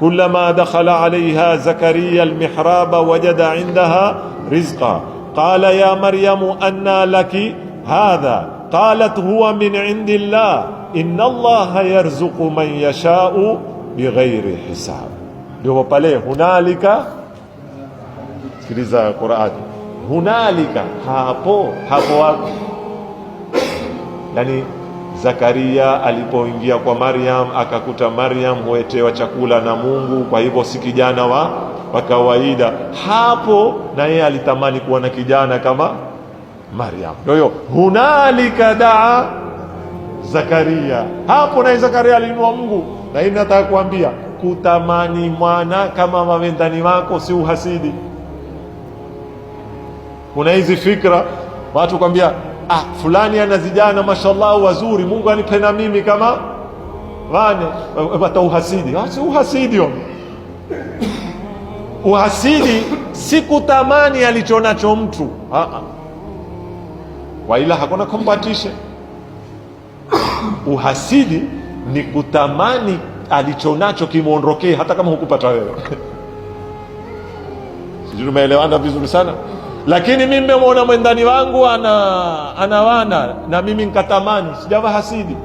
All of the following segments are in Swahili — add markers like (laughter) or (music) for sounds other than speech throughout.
كلما دخل عليها زكريا المحراب وجد عندها رزقا قال يا مريم أنى لك هذا قالت هو من عند الله إن الله يرزق من يشاء bighairi hisab. Ndipo pale hunalika, sikiliza Qurani, hunalika, hapo hapo wapi? yani Zakaria alipoingia kwa Maryam akakuta Maryam huetewa chakula na Mungu, kwa hivyo si kijana wa, wa kawaida. Hapo na yeye alitamani kuwa na kijana kama Maryam. Kwa hiyo hunalika daa Zakaria, hapo naye Zakaria alinua Mungu, na hii nataka kuambia kutamani mwana kama wawendani wako si uhasidi. Kuna hizi fikra watu kwambia ah, fulani ana vijana mashallah wazuri, Mungu anipe na mimi kama wane. wata uhasidi ah, uhasidi si kutamani alichonacho mtu ah, ah. waila hakuna competition. Uhasidi ni kutamani alichonacho kimwondokee, hata kama hukupata wewe. (laughs) Sijui tumeelewana vizuri sana lakini mimi nimemwona mwendani wangu ana, ana wana na mimi nkatamani sijawa hasidi.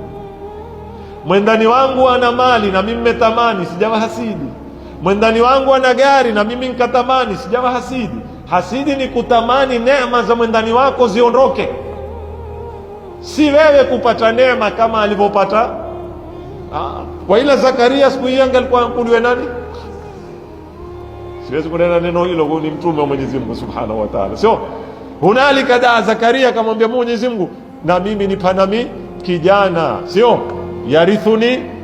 Mwendani wangu ana mali na mimi nimetamani, sijawa hasidi. Mwendani wangu ana gari na mimi nkatamani sijawa hasidi. Hasidi ni kutamani neema za mwendani wako ziondoke, si wewe kupata neema kama alivyopata. Ah, kwa ila Zakaria siku hiyo angalikuwa nani siwezi kunena neno hilo, huyu ni mtume wa Mwenyezi Mungu Subhanahu wa Ta'ala. Sio hunalika kadhaa Zakaria akamwambia Mwenyezi Mungu, na mimi ni panami kijana, sio yarithuni